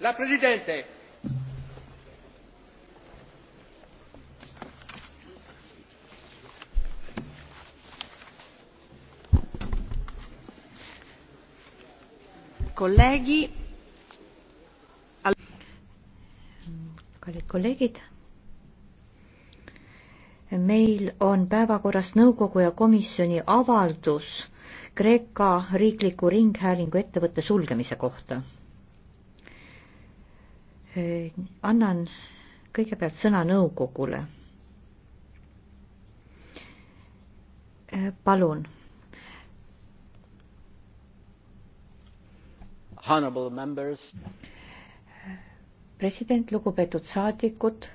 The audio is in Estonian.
La Presidente. Colleghi. Kallid kolleegid, meil on päevakorras nõukogu ja komisjoni avaldus Kreeka riikliku ringhäälingu ettevõtte sulgemise kohta. annan kõigepealt sõna nõukogule. palun. president, lugupeetud saadikud